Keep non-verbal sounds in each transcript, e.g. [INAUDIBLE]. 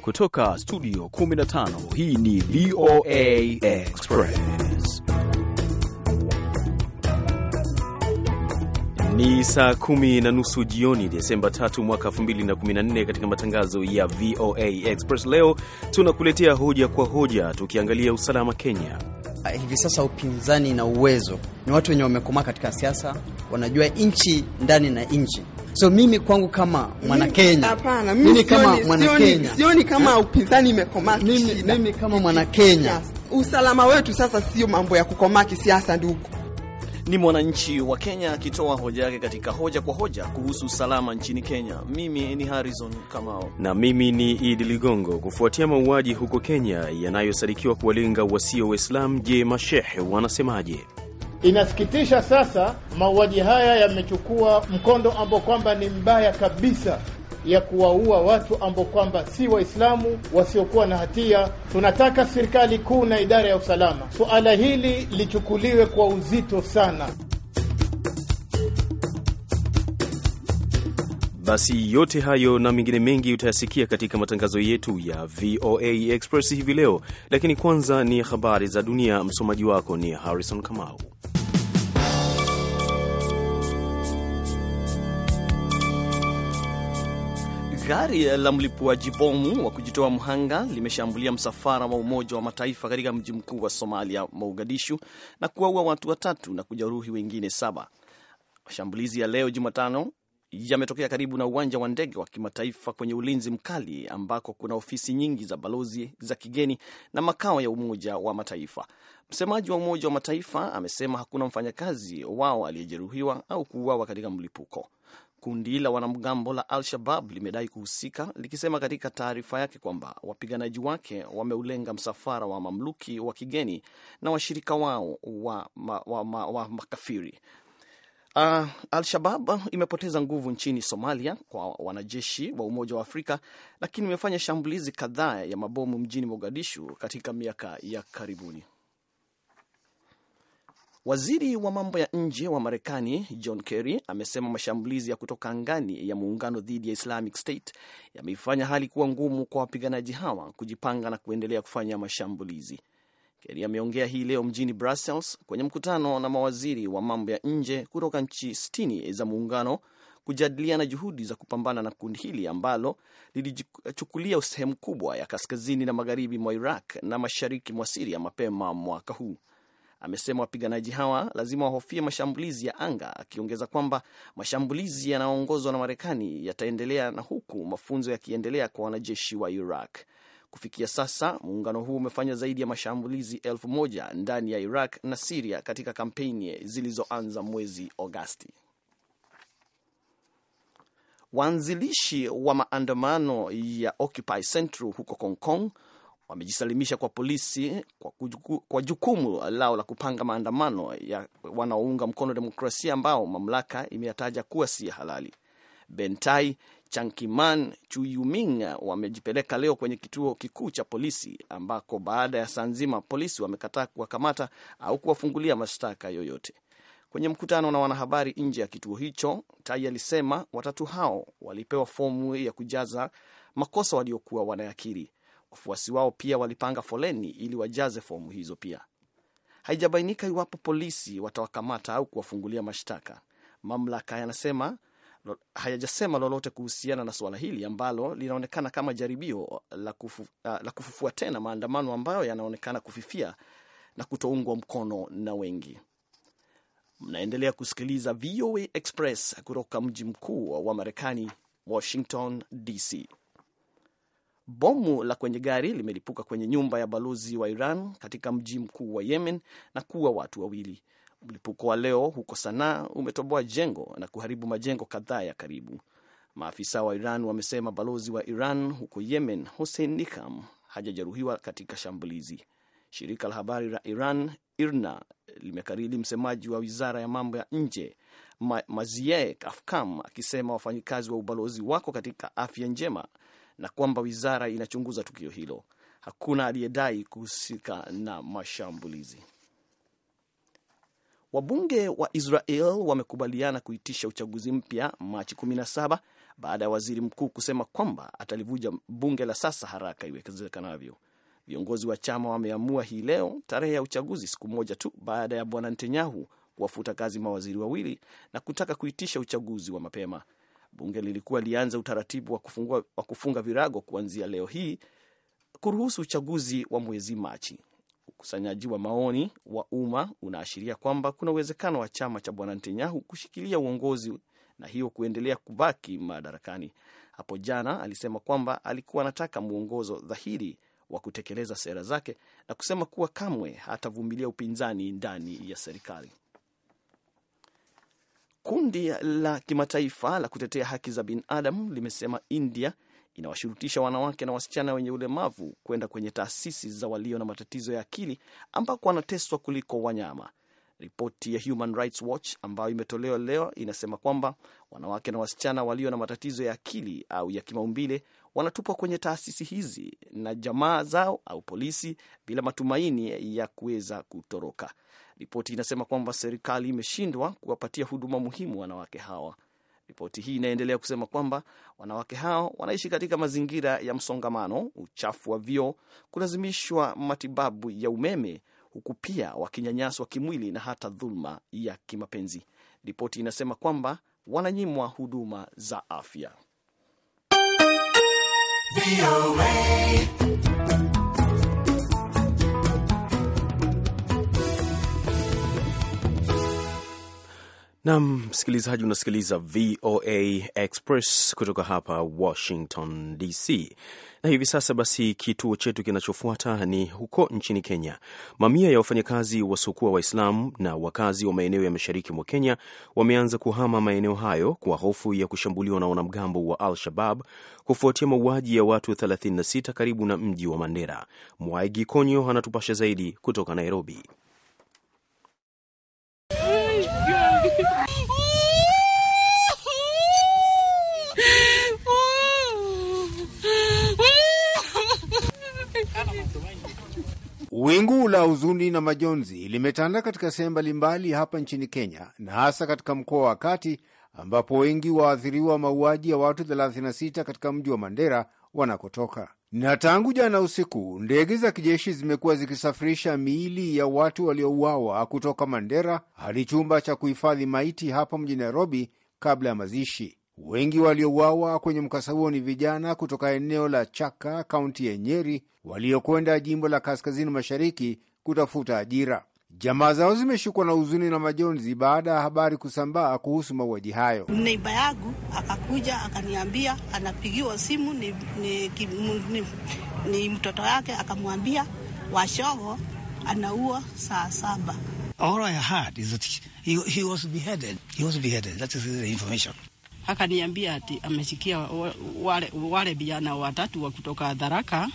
Kutoka studio 15 hii ni VOA Express. Ni saa kumi na nusu jioni Desemba 3 mwaka 2014. Katika matangazo ya VOA Express leo tunakuletea hoja kwa hoja, tukiangalia usalama Kenya. Ah, hivi sasa upinzani na uwezo, ni watu wenye wamekomaa katika siasa, wanajua nchi ndani na nchi. So mimi kwangu kama Mwanakenya, hapana, mimi kama Kenya sioni kama eh, upinzani imekomaa. Mimi kama Mwanakenya, usalama wetu sasa sio mambo ya kukomaa kisiasa, ndugu. Ni mwananchi wa Kenya akitoa hoja yake katika hoja kwa hoja kuhusu usalama nchini Kenya. Mimi ni Harrison Kamao na mimi ni Idi Ligongo. Kufuatia mauaji huko Kenya yanayosadikiwa kuwalenga wasio Waislamu, je, mashehe wanasemaje? Inasikitisha sasa mauaji haya yamechukua mkondo ambao kwamba ni mbaya kabisa ya kuwaua watu ambao kwamba si Waislamu wasiokuwa na hatia. Tunataka serikali kuu na idara ya usalama suala hili lichukuliwe kwa uzito sana. Basi yote hayo na mengine mengi utayasikia katika matangazo yetu ya VOA Express hivi leo, lakini kwanza ni habari za dunia. Msomaji wako ni Harrison Kamau. Gari la mlipuaji bomu wa kujitoa mhanga limeshambulia msafara wa Umoja wa Mataifa katika mji mkuu wa Somalia, Mogadishu, na kuwaua watu watatu na kujeruhi wengine saba. Mashambulizi ya leo Jumatano yametokea karibu na uwanja wa ndege wa kimataifa kwenye ulinzi mkali ambako kuna ofisi nyingi za balozi za kigeni na makao ya Umoja wa Mataifa. Msemaji wa Umoja wa Mataifa amesema hakuna mfanyakazi wao aliyejeruhiwa au kuuawa katika mlipuko. Kundi la wanamgambo la Al-Shabab limedai kuhusika likisema katika taarifa yake kwamba wapiganaji wake wameulenga msafara wa mamluki wa kigeni na washirika wao wa, ma, wa, ma, wa makafiri. Uh, Al-Shabab imepoteza nguvu nchini Somalia kwa wanajeshi wa Umoja wa Afrika, lakini imefanya shambulizi kadhaa ya mabomu mjini Mogadishu katika miaka ya karibuni. Waziri wa mambo ya nje wa Marekani John Kerry amesema mashambulizi ya kutoka angani ya muungano dhidi ya Islamic State yameifanya hali kuwa ngumu kwa wapiganaji hawa kujipanga na kuendelea kufanya mashambulizi. Kerry ameongea hii leo mjini Brussels kwenye mkutano na mawaziri wa mambo ya nje kutoka nchi sitini za muungano kujadiliana juhudi za kupambana na kundi hili ambalo lilichukulia sehemu kubwa ya kaskazini na magharibi mwa Iraq na mashariki mwa Siria mapema mwaka huu. Amesema wapiganaji hawa lazima wahofie mashambulizi ya anga, akiongeza kwamba mashambulizi yanayoongozwa na Marekani yataendelea na huku mafunzo yakiendelea kwa wanajeshi wa Iraq. Kufikia sasa muungano huu umefanya zaidi ya mashambulizi elfu moja ndani ya Iraq na Siria katika kampeni zilizoanza mwezi Agosti. Waanzilishi wa maandamano ya Occupy Central huko Hong Kong wamejisalimisha kwa polisi kwa, kujuku, kwa jukumu lao la kupanga maandamano ya wanaounga mkono demokrasia ambao mamlaka imeyataja kuwa si halali. Bentai Chankiman Chuyuming wamejipeleka leo kwenye kituo kikuu cha polisi ambako baada ya saa nzima polisi wamekataa kuwakamata au kuwafungulia mashtaka yoyote. Kwenye mkutano na wanahabari nje ya kituo hicho, Tai alisema watatu hao walipewa fomu ya kujaza makosa waliokuwa wanayakiri. Wafuasi wao pia walipanga foleni ili wajaze fomu hizo pia. Haijabainika iwapo polisi watawakamata au kuwafungulia mashtaka. Mamlaka yanasema hayajasema lolote kuhusiana na suala hili ambalo linaonekana kama jaribio la, kufu, la kufufua tena maandamano ambayo yanaonekana kufifia na kutoungwa mkono na wengi. Mnaendelea kusikiliza VOA Express kutoka mji mkuu wa Marekani, Washington DC. Bomu la kwenye gari limelipuka kwenye nyumba ya balozi wa Iran katika mji mkuu wa Yemen na kuua watu wawili. Mlipuko wa leo huko Sanaa umetoboa jengo na kuharibu majengo kadhaa ya karibu. Maafisa wa Iran wamesema balozi wa Iran huko Yemen, Hussein Nikam, hajajeruhiwa katika shambulizi. Shirika la habari la Iran IRNA limekariri msemaji wa wizara ya mambo ya nje Mazie Afkam akisema wafanyikazi wa ubalozi wako katika afya njema na kwamba wizara inachunguza tukio hilo. Hakuna aliyedai kuhusika na mashambulizi. Wabunge wa Israel wamekubaliana kuitisha uchaguzi mpya Machi 17 baada ya waziri mkuu kusema kwamba atalivuja bunge la sasa haraka iwezekanavyo. Viongozi wa chama wameamua hii leo tarehe ya uchaguzi, siku moja tu baada ya bwana Netanyahu kuwafuta kazi mawaziri wawili na kutaka kuitisha uchaguzi wa mapema bunge lilikuwa lianza utaratibu wa, kufungua, wa kufunga virago kuanzia leo hii kuruhusu uchaguzi wa mwezi Machi. Ukusanyaji wa maoni wa umma unaashiria kwamba kuna uwezekano wa chama cha bwana Netanyahu kushikilia uongozi na hiyo kuendelea kubaki madarakani. Hapo jana alisema kwamba alikuwa anataka mwongozo dhahiri wa kutekeleza sera zake na kusema kuwa kamwe hatavumilia upinzani ndani ya serikali. Kundi la kimataifa la kutetea haki za binadamu limesema India inawashurutisha wanawake na wasichana wenye ulemavu kwenda kwenye taasisi za walio na matatizo ya akili ambako wanateswa kuliko wanyama. Ripoti ya Human Rights Watch ambayo imetolewa leo inasema kwamba wanawake na wasichana walio na matatizo ya akili au ya kimaumbile wanatupwa kwenye taasisi hizi na jamaa zao au polisi bila matumaini ya kuweza kutoroka. Ripoti inasema kwamba serikali imeshindwa kuwapatia huduma muhimu wanawake hawa. Ripoti hii inaendelea kusema kwamba wanawake hao wanaishi katika mazingira ya msongamano, uchafu wa vyoo, kulazimishwa matibabu ya umeme, huku pia wakinyanyaswa kimwili na hata dhuluma ya kimapenzi. Ripoti inasema kwamba wananyimwa huduma za afya. Nam msikilizaji, unasikiliza VOA Express kutoka hapa Washington DC. Na hivi sasa basi, kituo chetu kinachofuata ni huko nchini Kenya. Mamia ya wafanyakazi wasiokuwa Waislamu na wakazi wa maeneo ya mashariki mwa Kenya wameanza kuhama maeneo hayo kwa hofu ya kushambuliwa na wanamgambo wa Al-Shabab kufuatia mauaji ya watu 36 karibu na mji wa Mandera. Mwaigi Konyo anatupasha zaidi kutoka Nairobi. Wingu la huzuni na majonzi limetanda katika sehemu mbalimbali hapa nchini Kenya na hasa katika mkoa wa Kati ambapo wengi waathiriwa mauaji ya watu 36 katika mji wa Mandera wanakotoka. Na tangu jana usiku, ndege za kijeshi zimekuwa zikisafirisha miili ya watu waliouawa kutoka Mandera hadi chumba cha kuhifadhi maiti hapa mjini Nairobi kabla ya mazishi. Wengi waliouawa kwenye mkasa huo ni vijana kutoka eneo la Chaka, kaunti ya Nyeri, waliokwenda jimbo la kaskazini mashariki kutafuta ajira. Jamaa zao zimeshukwa na huzuni na majonzi baada ya habari kusambaa kuhusu mauaji hayo. Neiba yangu akakuja akaniambia, anapigiwa simu ni, ni, ni, ni mtoto yake akamwambia washogo anaua saa saba. All I heard is that he, he was beheaded. He was beheaded. That is the information akaniambia ati amesikia wale, wale vijana watatu wa kutoka Tharaka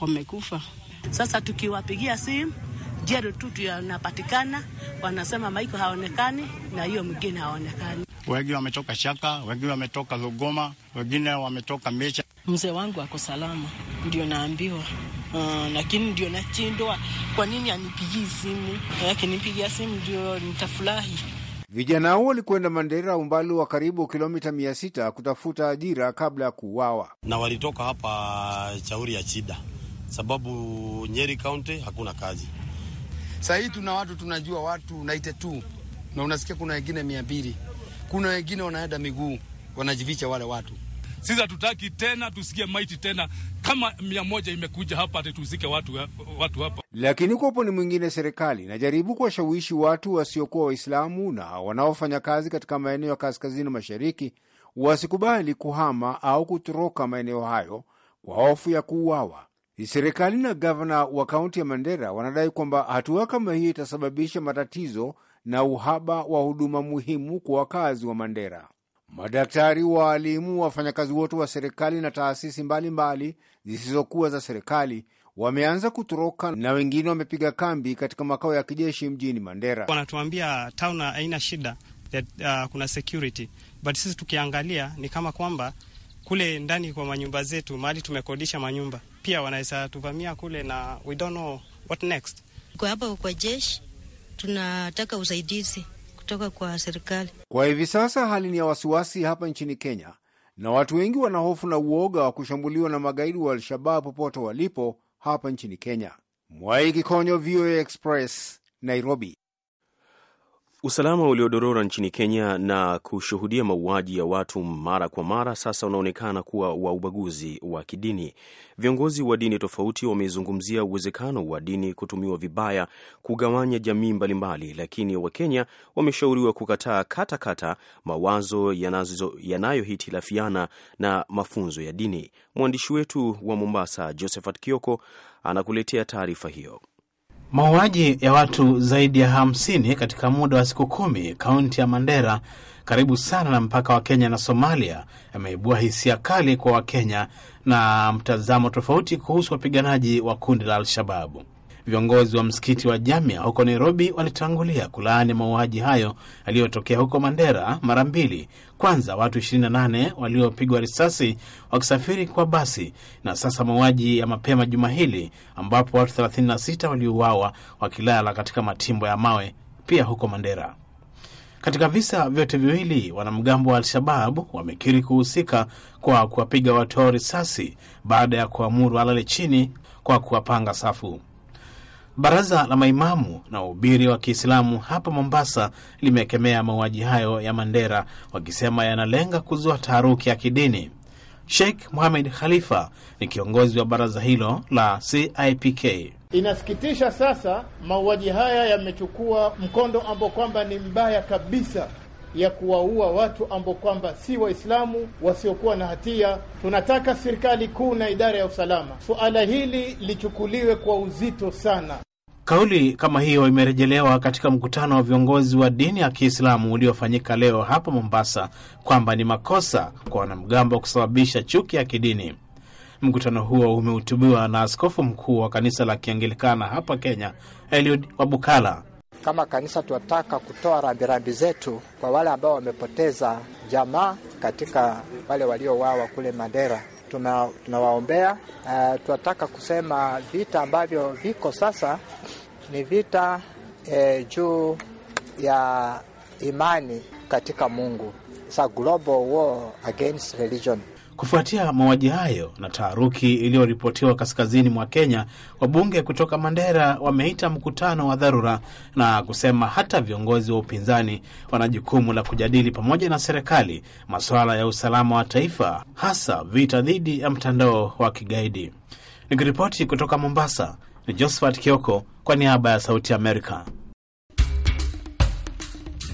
wamekufa. Sasa tukiwapigia simu jero tu tunapatikana, wanasema Maiko haonekani na hiyo mwingine haonekani. Wengi wametoka Shaka, wengi wametoka Lugoma, wengine wametoka Mecha. Mzee wangu ako salama, ndio naambiwa Uh, lakini ndio nachindwa, kwa nini anipigii simu? Akinipigia simu ndio nitafurahi. Vijana hao walikwenda Mandera, umbali wa karibu kilomita mia sita kutafuta ajira kabla ya kuuawa, na walitoka hapa shauri ya shida sababu Nyeri Kaunti hakuna kazi. sahii tuna watu tunajua watu naite tu, na unasikia kuna wengine mia mbili, kuna wengine wanaenda miguu, wanajivicha wale watu sisi hatutaki tena tusikie maiti tena, kama mia moja imekuja hapa atetuzike watu, watu hapa. Lakini kwa upande mwingine, serikali inajaribu kuwashawishi watu wasiokuwa Waislamu na wanaofanya kazi katika maeneo ya kaskazini mashariki wasikubali kuhama au kutoroka maeneo hayo kwa hofu ya kuuawa. Serikali na gavana wa kaunti ya Mandera wanadai kwamba hatua kama hii itasababisha matatizo na uhaba wa huduma muhimu kwa wakazi wa Mandera. Madaktari, waalimu, wafanyakazi wote wa serikali na taasisi mbalimbali zisizokuwa za serikali wameanza kutoroka na wengine wamepiga kambi katika makao ya kijeshi mjini Mandera. Wanatuambia town haina shida that, uh, kuna security but sisi tukiangalia ni kama kwamba kule ndani kwa manyumba zetu, mahali tumekodisha manyumba, pia wanaweza tuvamia kule na we don't know what next. Kwa hapa kwa jeshi tunataka usaidizi kutoka kwa serikali. Kwa hivi sasa hali ni ya wasiwasi hapa nchini Kenya, na watu wengi wanahofu na uoga wa kushambuliwa na magaidi wa Al-Shabab popote walipo hapa nchini Kenya. Mwai Kikonyo, VOA Express, Nairobi. Usalama uliodorora nchini Kenya na kushuhudia mauaji ya watu mara kwa mara sasa unaonekana kuwa wa ubaguzi wa kidini. Viongozi wa dini tofauti wamezungumzia uwezekano wa dini kutumiwa vibaya kugawanya jamii mbalimbali, lakini Wakenya wameshauriwa kukataa katakata mawazo yanayohitilafiana na mafunzo ya dini. Mwandishi wetu wa Mombasa, Josephat Kioko, anakuletea taarifa hiyo. Mauaji ya watu zaidi ya hamsini katika muda wa siku kumi kaunti ya Mandera, karibu sana na mpaka wa Kenya na Somalia, yameibua hisia kali kwa Wakenya na mtazamo tofauti kuhusu wapiganaji wa kundi la Al-Shababu. Viongozi wa msikiti wa Jamia huko Nairobi walitangulia kulaani mauaji hayo yaliyotokea huko Mandera mara mbili. Kwanza watu 28 waliopigwa risasi wakisafiri kwa basi, na sasa mauaji ya mapema juma hili ambapo watu 36 waliuawa wakilala katika matimbo ya mawe, pia huko Mandera. Katika visa vyote viwili wanamgambo wa al shababu wamekiri kuhusika kwa kuwapiga watoa risasi baada ya kuamuru alale chini kwa kuwapanga safu. Baraza la maimamu na wahubiri wa Kiislamu hapa Mombasa limekemea mauaji hayo ya Mandera, wakisema yanalenga kuzua taharuki ya kidini. Sheikh muhamed Khalifa ni kiongozi wa baraza hilo la CIPK. Inasikitisha sasa, mauaji haya yamechukua mkondo ambao kwamba ni mbaya kabisa ya kuwaua watu ambao kwamba si Waislamu wasiokuwa na hatia. Tunataka serikali kuu na idara ya usalama suala hili lichukuliwe kwa uzito sana. Kauli kama hiyo imerejelewa katika mkutano wa viongozi wa dini ya Kiislamu uliofanyika leo hapa Mombasa, kwamba ni makosa kwa wanamgambo wa kusababisha chuki ya kidini. Mkutano huo umehutubiwa na askofu mkuu wa kanisa la Kianglikana hapa Kenya, Eliud Wabukala. Kama kanisa tunataka kutoa rambirambi zetu kwa wale ambao wamepoteza jamaa katika wale waliowawa kule Mandera. Tuna, tunawaombea. Uh, eh, tunataka kusema vita ambavyo viko sasa ni vita eh, juu ya imani katika Mungu. It's a global war against religion. Kufuatia mauaji hayo na taharuki iliyoripotiwa kaskazini mwa Kenya, wabunge kutoka Mandera wameita mkutano wa dharura na kusema hata viongozi wa upinzani wana jukumu la kujadili pamoja na serikali masuala ya usalama wa taifa, hasa vita dhidi ya mtandao wa kigaidi. Nikiripoti kutoka Mombasa ni Josephat Kioko kwa niaba ya Sauti Amerika.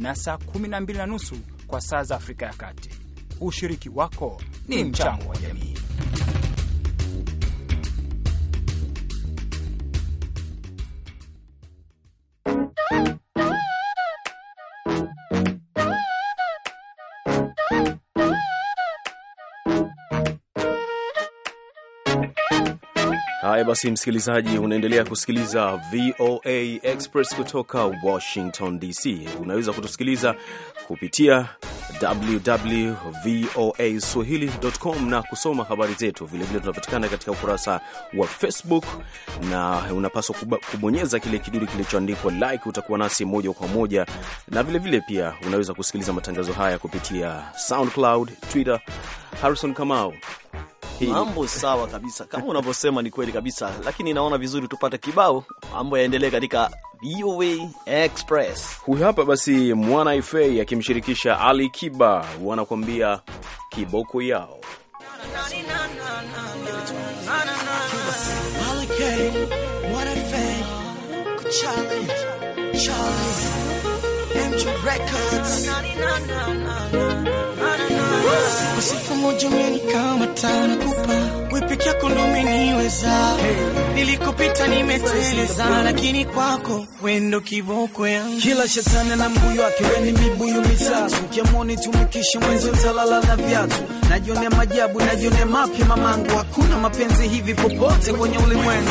na saa 12 na nusu kwa saa za Afrika ya Kati. Ushiriki wako ni mchango wa jamii. Haya basi, msikilizaji, unaendelea kusikiliza VOA Express kutoka Washington DC. Unaweza kutusikiliza kupitia www.voaswahili.com na kusoma habari zetu. Vilevile tunapatikana katika ukurasa wa Facebook na unapaswa kubonyeza kile kidudu kilichoandikwa like, utakuwa nasi moja kwa moja, na vilevile pia unaweza kusikiliza matangazo haya kupitia SoundCloud, Twitter. Harrison Kamau Mambo sawa kabisa, kama unavyosema ni kweli kabisa, lakini naona vizuri tupate kibao, mambo yaendelee katika VOA Express. Huyu hapa basi Mwana Ifei akimshirikisha Ali Kiba wanakuambia kiboko yao Charlie, Charlie, MJ Records. Usifu moja umenikama tanakupa kuipikia kundumi niweza hey. Nilikopita nimeteleza, lakini kwako wendo kiboko yangu. Kila shetani na mbuyu wake, ni mibuyu mitatu, kiamoni tumikishe mwenzi talala na viatu. Najionea majabu, najionea mapya mamangu, hakuna mapenzi hivi popote kwenye ulimwengu.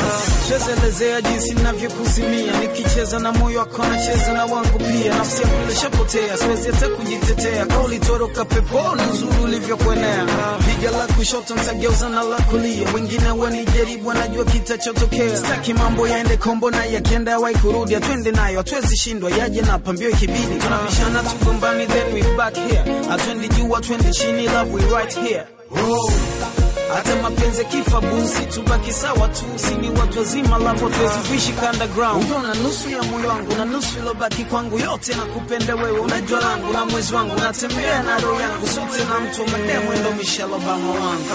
Siwezelezea jinsi navyokuzimia nikicheza na moyo wako nacheza na wangu pia. Nafsi yangu ilishapotea, siwezi hata kujitetea, kaulitoroka peponi, uzuri ulivyokuenea. Piga la kushoto nitageuza na la kulia, wengine wanijaribu, wanajua kitachotokea. Sitaki mambo yaende kombo na yakienda wai kurudi, atwende nayo, hatuwezi shindwa, yaje na pambio ikibidi. Tunabishana tugombani, then we back here, atwendi juu, atwendi chini, love we right here. Whoa. Oh hata mapenzi kifa busi, tubaki sawa tu, si ni watu wazima, lapo tuwezi kuishi underground. Unaona nusu ya moyo wangu na nusu ilobaki kwangu, yote nakupenda wewe, unajua langu na mwezi wangu, natembea na roho yangu sote, na mtu mwende mwendo mishalobama wangu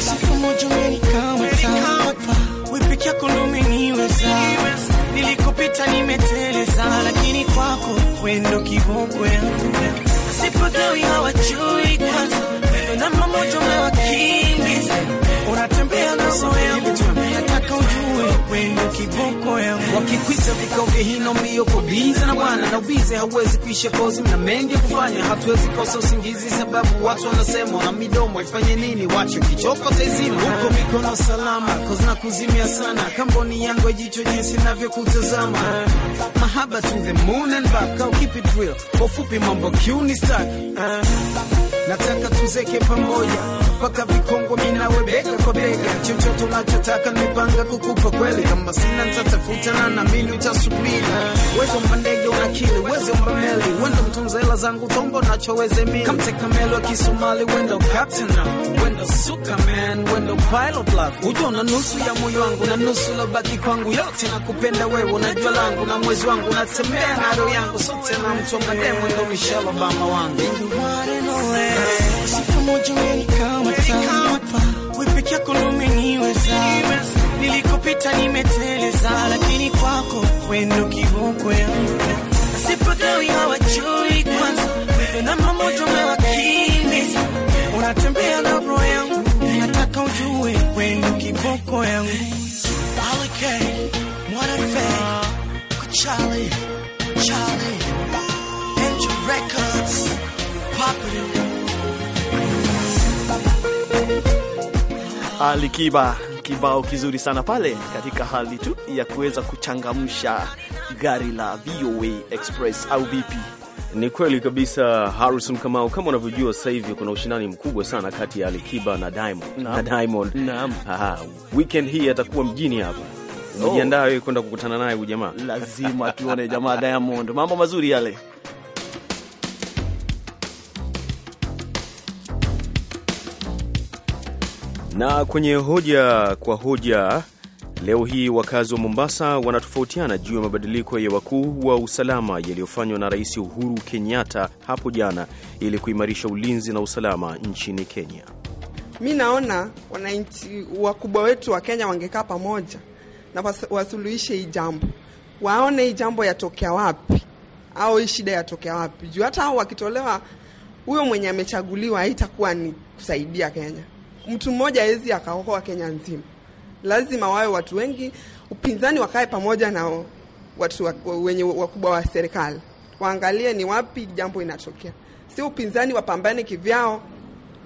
siku moja umenikawata wipiki yako ndo umeniweza, nilikupita nimeteleza, lakini kwako wendo kiboko yangu sipogawi hawajui nataka ujue upendo kiboko yangu. Wakikwita vikao vya hino mbio kubiza na bwana na ubize hauwezi kuisha kozi, na mengi ya kufanya, hatuwezi kosa usingizi sababu watu wanasema na midomo ifanye nini, wache kichoko tezima huko mikono salama kozi na kuzimia sana, kamboni yangu jicho jinsi navyokutazama mahaba to the moon and back, au keep it real, kwa ufupi mambo kiuni stack, nataka tuzeke pamoja mpaka vikongo minawe bega kwa bega, chochote unachotaka nipanga kukupa kweli, kama sina nitatafutana na mimi utasubiri. Wezo mbandege unakili wezo mbameli, wenda mtunza hela zangu tombo nachoweze mimi, kamteka melo Kisomali, wenda captain wenda suka wenda pilot black, ujo na nusu ya moyo wangu na nusu la baki kwangu, yote nakupenda wewe, unajua langu na mwezi wangu, natembea na roho yangu sote na mtu wa mademu Michelle Obama wangu nilikata, wewe yako umeniweza, nilikopita nimeteleza, lakini kwako wendo kiboko yangu sipagawi, hawajui kwanza namba moja umewakimbiza, unatembea na bro yangu, nataka ujue wendo kiboko yangu Charlie, Charlie, Angel Records, popular Alikiba ah, kibao kizuri sana pale, katika hali tu ya kuweza kuchangamsha gari la VOA Express au vipi? Ni kweli kabisa Harrison Kamau, kama unavyojua sasa hivi kuna ushindani mkubwa sana kati ya Alikiba na Diamond na Diamond. Naam. Aha, weekend hii atakuwa mjini hapa umejiandaa, oh, wewe kwenda kukutana naye huyu jamaa. Lazima tuone jamaa Diamond, mambo mazuri yale. Na kwenye hoja kwa hoja leo hii, wakazi wa Mombasa wanatofautiana juu ya mabadiliko ya wakuu wa usalama yaliyofanywa na Rais Uhuru Kenyatta hapo jana ili kuimarisha ulinzi na usalama nchini Kenya. Mi naona wananchi wakubwa wetu wa Kenya wangekaa pamoja na wasuluhishe hii jambo, waone hii jambo yatokea wapi au hii shida yatokea wapi, juu hata hao wakitolewa, huyo mwenye amechaguliwa haitakuwa ni kusaidia Kenya mtu mmoja hawezi akaokoa Kenya nzima, lazima wawe watu wengi, upinzani wakae pamoja na watu wenye wakubwa wa serikali, waangalie ni wapi jambo inatokea, si upinzani wapambane kivyao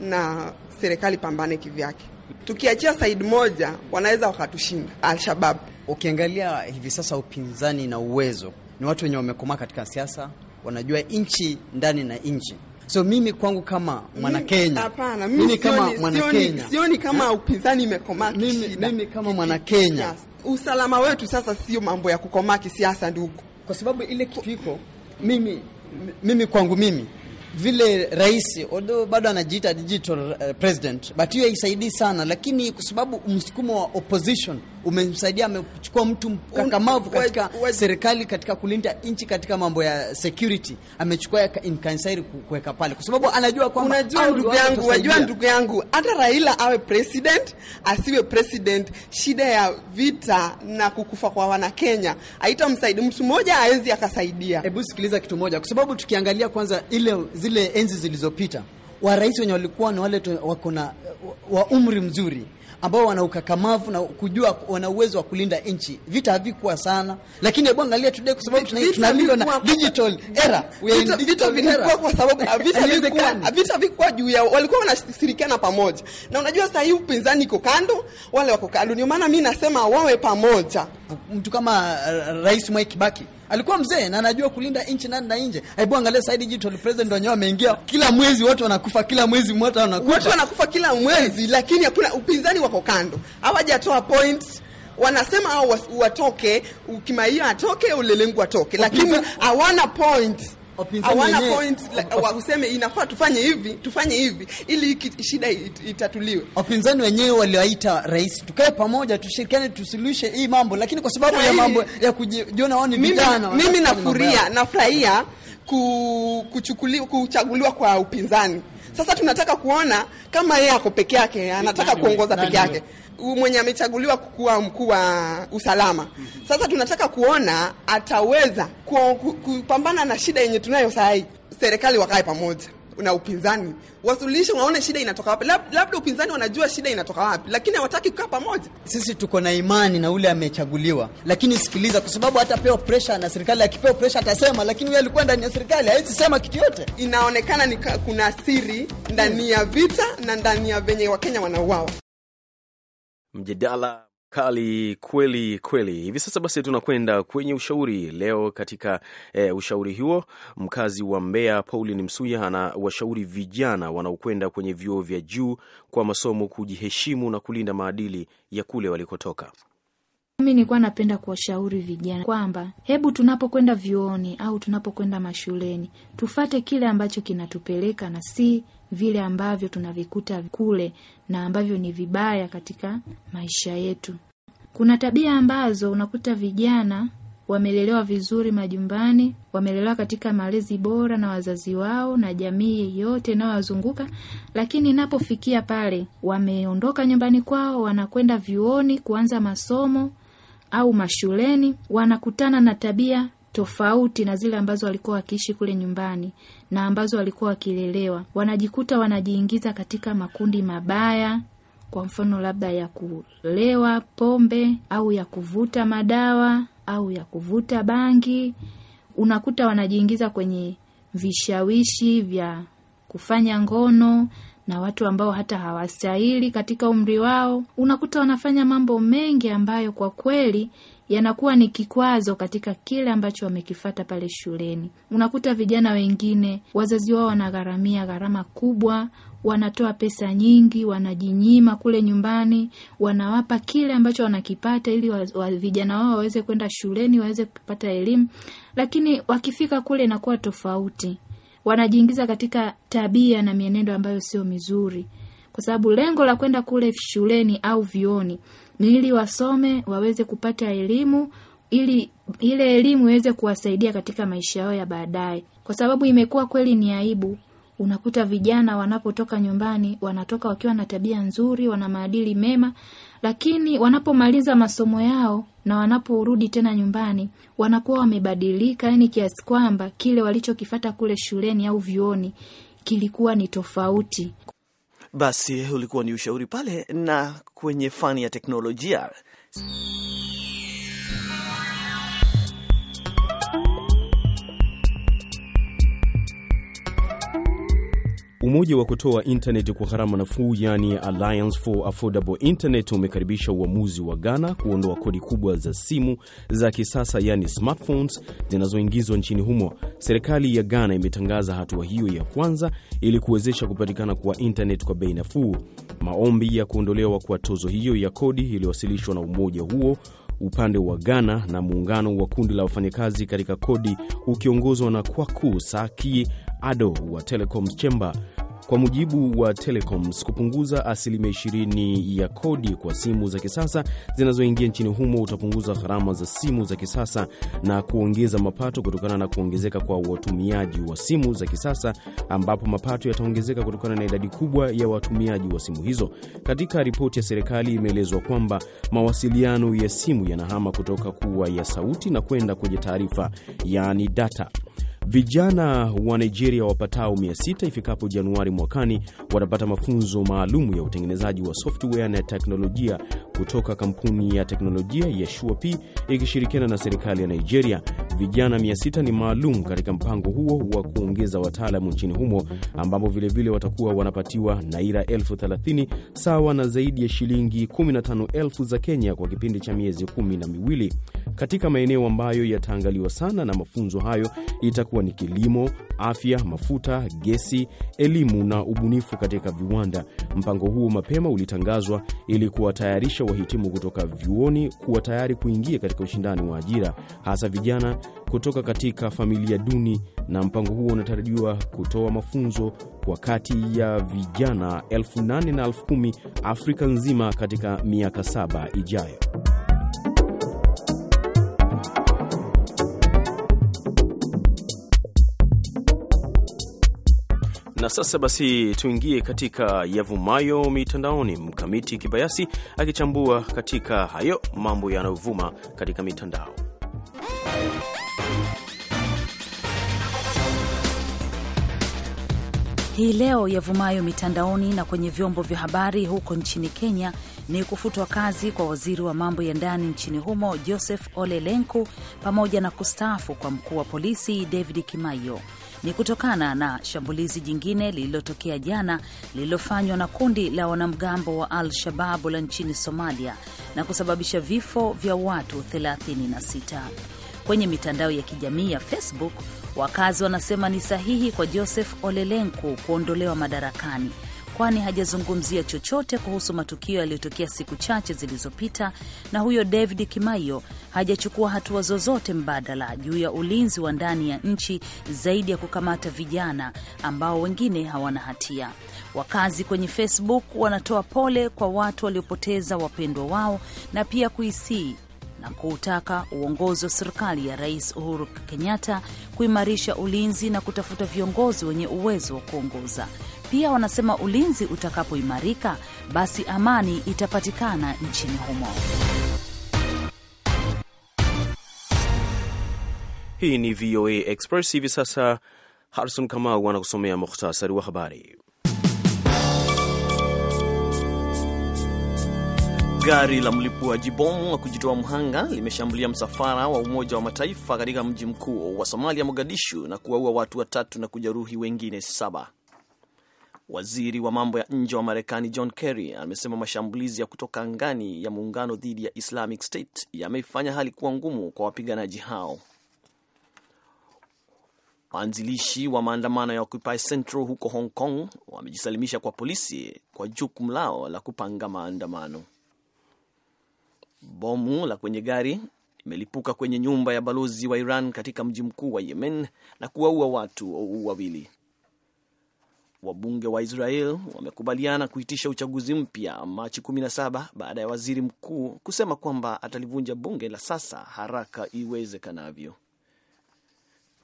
na serikali pambane kivyake. Tukiachia side moja, wanaweza wakatushinda Alshabab. Ukiangalia hivi sasa, upinzani na uwezo ni watu wenye wamekomaa katika siasa, wanajua nchi ndani na nchi So mimi kwangu kama mwana Kenya, hapana, mimi kama mwana Kenya sioni kama eh? upinzani imekomaa. Mimi mimi kama mwana Kenya, usalama wetu sasa sio mambo ya kukomaa kisiasa, ndugu, kwa sababu ile iko mimi mimi kwangu mimi vile rais although bado anajiita digital eh, president, but hiyo haisaidii sana, lakini kwa sababu msukumo wa opposition umemsaidia, amechukua mtu mkakamavu katika serikali, katika kulinda nchi, katika mambo ya security, amechukua Nkanshairi kuweka pale, kwa sababu anajua kwamba unajua, ndugu yangu, unajua ndugu yangu, hata Raila awe president asiwe president, shida ya vita na kukufa kwa wana Kenya haitamsaidia mtu mmoja, aezi akasaidia. Hebu sikiliza kitu moja, kwa sababu tukiangalia kwanza ile zile enzi zilizopita rais wenye walikuwa ni wale wako na wa umri mzuri ambao wana ukakamavu na kujua wana uwezo wa kulinda nchi. Vita havikuwa sana, lakini hebu angalia today, kwa sababu tunaliwa na digital era, vita vilikuwa kwa sababu [LAUGHS] vita havikuwa juu ya, walikuwa wanashirikiana pamoja, na unajua sasa hii upinzani iko kando, wale wako kando. Ndio maana mimi nasema wawe pamoja. Mtu kama uh, Rais Mwai Kibaki alikuwa mzee na anajua kulinda nchi ndani na nje. Hebu angalia Said Digital president wenyewe wameingia, kila mwezi watu wanakufa, kila mwezi watu wanakufa, watu wanakufa kila mwezi, lakini hakuna upinzani, wako kando, hawajatoa point wanasema au watoke, ukimaia atoke, Ulelengu atoke, lakini hawana point hawana point waseme inafaa tufanye hivi tufanye hivi ili shida itatuliwe. Wapinzani wenyewe waliwaita rais, tukae pamoja, tushirikiane, tusuluhishe hii mambo, lakini kwa sababu ya mambo ya kujiona wao ni vijana, mimi nafuria nafurahia kuchukuliwa kuchaguliwa kwa upinzani. Sasa tunataka kuona kama yeye ako peke yake, anataka kuongoza peke yaani, yake mwenye amechaguliwa kuwa mkuu wa usalama. Sasa tunataka kuona ataweza kupambana na shida yenye tunayo saa Serikali wakae pamoja na upinzani wasuluhishe, waone shida inatoka wapi. Lab, labda upinzani wanajua shida inatoka wapi, lakini hawataki kukaa pamoja. Sisi tuko na imani na ule amechaguliwa, lakini sikiliza, kwa sababu hatapewa presha na serikali. Akipewa presha atasema, lakini yeye alikuwa ndani ya serikali, hawezi sema kitu yote. Inaonekana ni kuna siri ndani ya vita na ndani ya venye Wakenya wanauawa. Mjadala kali kweli kweli. Hivi sasa basi tunakwenda kwenye ushauri leo. Katika e, ushauri huo mkazi wa Mbeya paulin Msuya ana washauri vijana wanaokwenda kwenye vyuo vya juu kwa masomo kujiheshimu na kulinda maadili ya kule walikotoka. Mimi nilikuwa napenda kuwashauri vijana kwamba hebu tunapokwenda vyuoni au tunapokwenda mashuleni tufate kile ambacho kinatupeleka na si vile ambavyo tunavikuta kule na ambavyo ni vibaya katika maisha yetu. Kuna tabia ambazo unakuta vijana wamelelewa vizuri majumbani, wamelelewa katika malezi bora na wazazi wao na jamii yote inayowazunguka, lakini inapofikia pale wameondoka nyumbani kwao, wanakwenda vyuoni kuanza masomo, au mashuleni wanakutana na tabia tofauti na zile ambazo walikuwa wakiishi kule nyumbani na ambazo walikuwa wakilelewa. Wanajikuta wanajiingiza katika makundi mabaya, kwa mfano labda ya kulewa pombe au ya kuvuta madawa au ya kuvuta bangi. Unakuta wanajiingiza kwenye vishawishi vya kufanya ngono na watu ambao hata hawastahili katika umri wao. Unakuta wanafanya mambo mengi ambayo kwa kweli yanakuwa ni kikwazo katika kile ambacho wamekifata pale shuleni. Unakuta vijana wengine wazazi wao wanagharamia gharama kubwa, wanatoa pesa nyingi, wanajinyima kule nyumbani, wanawapa kile ambacho wanakipata ili wa, wa, vijana wao waweze kwenda shuleni, waweze kupata elimu, lakini wakifika kule inakuwa tofauti wanajiingiza katika tabia na mienendo ambayo sio mizuri, kwa sababu lengo la kwenda kule shuleni au vioni ni ili wasome, waweze kupata elimu ili ile elimu iweze kuwasaidia katika maisha yao ya baadaye, kwa sababu imekuwa kweli ni aibu unakuta vijana wanapotoka nyumbani wanatoka wakiwa na tabia nzuri, wana maadili mema, lakini wanapomaliza masomo yao na wanaporudi tena nyumbani wanakuwa wamebadilika, yani kiasi kwamba kile walichokifata kule shuleni au vyuoni kilikuwa ni tofauti. Basi ulikuwa ni ushauri pale na kwenye fani ya teknolojia Umoja wa kutoa intaneti kwa gharama nafuu, yani Alliance for Affordable Internet, umekaribisha uamuzi wa Ghana kuondoa kodi kubwa za simu za kisasa, yani smartphones, zinazoingizwa nchini humo. Serikali ya Ghana imetangaza hatua hiyo ya kwanza ili kuwezesha kupatikana kwa intnet kwa bei nafuu. Maombi ya kuondolewa kwa tozo hiyo ya kodi iliyowasilishwa na umoja huo upande wa Ghana na muungano wa kundi la wafanyakazi katika kodi ukiongozwa na Kwaku Saki ado wa Telecom chemba kwa mujibu wa Telecoms kupunguza asilimia 20 ya kodi kwa simu za kisasa zinazoingia nchini humo utapunguza gharama za simu za kisasa na kuongeza mapato kutokana na kuongezeka kwa watumiaji wa simu za kisasa, ambapo mapato yataongezeka kutokana na idadi kubwa ya watumiaji wa simu hizo. Katika ripoti ya serikali imeelezwa kwamba mawasiliano ya simu yanahama kutoka kuwa ya sauti na kwenda kwenye taarifa, yaani data. Vijana wa Nigeria wapatao 600 ifikapo Januari mwakani watapata mafunzo maalum ya utengenezaji wa software na teknolojia kutoka kampuni ya teknolojia ya SureP ikishirikiana na serikali ya Nigeria. Vijana 600 ni maalum katika mpango huo wa kuongeza wataalamu nchini humo, ambapo vilevile watakuwa wanapatiwa naira elfu 30 sawa na zaidi ya shilingi 15,000 za Kenya kwa kipindi cha miezi kumi na miwili katika maeneo ambayo yataangaliwa sana na mafunzo hayo ita kuwa ni kilimo, afya, mafuta, gesi, elimu na ubunifu katika viwanda. Mpango huo mapema ulitangazwa ili kuwatayarisha wahitimu kutoka vyuoni kuwa tayari kuingia katika ushindani wa ajira, hasa vijana kutoka katika familia duni, na mpango huo unatarajiwa kutoa mafunzo kwa kati ya vijana elfu nane na elfu kumi Afrika nzima katika miaka saba ijayo. Na sasa basi tuingie katika yavumayo mitandaoni, Mkamiti Kibayasi akichambua katika hayo mambo yanayovuma katika mitandao. Hii leo yavumayo mitandaoni na kwenye vyombo vya habari huko nchini Kenya ni kufutwa kazi kwa waziri wa mambo ya ndani nchini humo Joseph Ole Lenku pamoja na kustaafu kwa mkuu wa polisi David Kimaiyo ni kutokana na shambulizi jingine lililotokea jana lililofanywa na kundi la wanamgambo wa Al-Shababu la nchini Somalia na kusababisha vifo vya watu 36. Kwenye mitandao ya kijamii ya Facebook, wakazi wanasema ni sahihi kwa Joseph Olelenku kuondolewa madarakani kwani hajazungumzia chochote kuhusu matukio yaliyotokea siku chache zilizopita, na huyo David Kimaiyo hajachukua hatua zozote mbadala juu ya ulinzi wa ndani ya nchi zaidi ya kukamata vijana ambao wengine hawana hatia. Wakazi kwenye Facebook wanatoa pole kwa watu waliopoteza wapendwa wao na pia kuisii na kuutaka uongozi wa serikali ya Rais Uhuru Kenyatta kuimarisha ulinzi na kutafuta viongozi wenye uwezo wa kuongoza. Pia wanasema ulinzi utakapoimarika, basi amani itapatikana nchini humo. Hii ni VOA Express. Hivi sasa Harison Kamau anakusomea muhtasari wa habari. Gari la mlipuaji bomu wa kujitoa mhanga limeshambulia msafara wa Umoja wa Mataifa katika mji mkuu wa Somalia, Mogadishu, na kuwaua watu watatu na kujeruhi wengine saba. Waziri wa mambo ya nje wa Marekani John Kerry amesema mashambulizi ya kutoka angani ya muungano dhidi ya Islamic State yameifanya hali kuwa ngumu kwa wapiganaji hao. Waanzilishi wa maandamano ya Occupy Central huko Hong Kong wamejisalimisha kwa polisi kwa jukumu lao la kupanga maandamano. Bomu la kwenye gari imelipuka kwenye nyumba ya balozi wa Iran katika mji mkuu wa Yemen na kuwaua watu wawili. Wabunge wa Israel wamekubaliana kuitisha uchaguzi mpya Machi 17 baada ya waziri mkuu kusema kwamba atalivunja bunge la sasa haraka iwezekanavyo.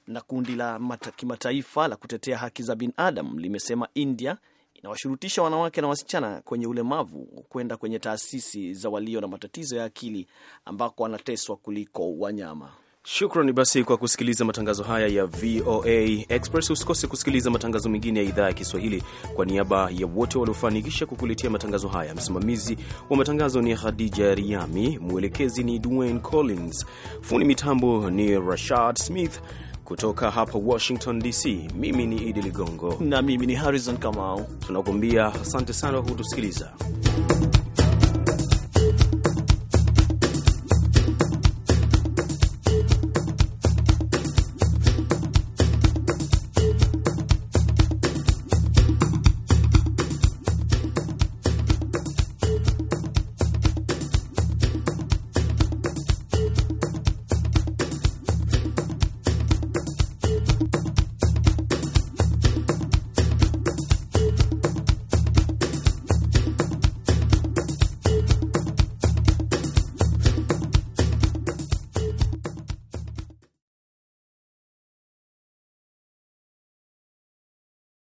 Na kundi la kimataifa la kutetea haki za binadamu limesema India inawashurutisha wanawake na wasichana kwenye ulemavu kwenda kwenye taasisi za walio na matatizo ya akili ambako wanateswa kuliko wanyama. Shukrani basi kwa kusikiliza matangazo haya ya VOA Express. Usikose kusikiliza matangazo mengine ya idhaa ya Kiswahili. Kwa niaba ya wote waliofanikisha kukuletea matangazo haya, msimamizi wa matangazo ni Khadija Riami, mwelekezi ni Dwayne Collins, fundi mitambo ni Rashad Smith. Kutoka hapa Washington DC, mimi ni Idi Ligongo na mimi ni Harrison Kamau. Tunakuambia asante sana kwa kutusikiliza.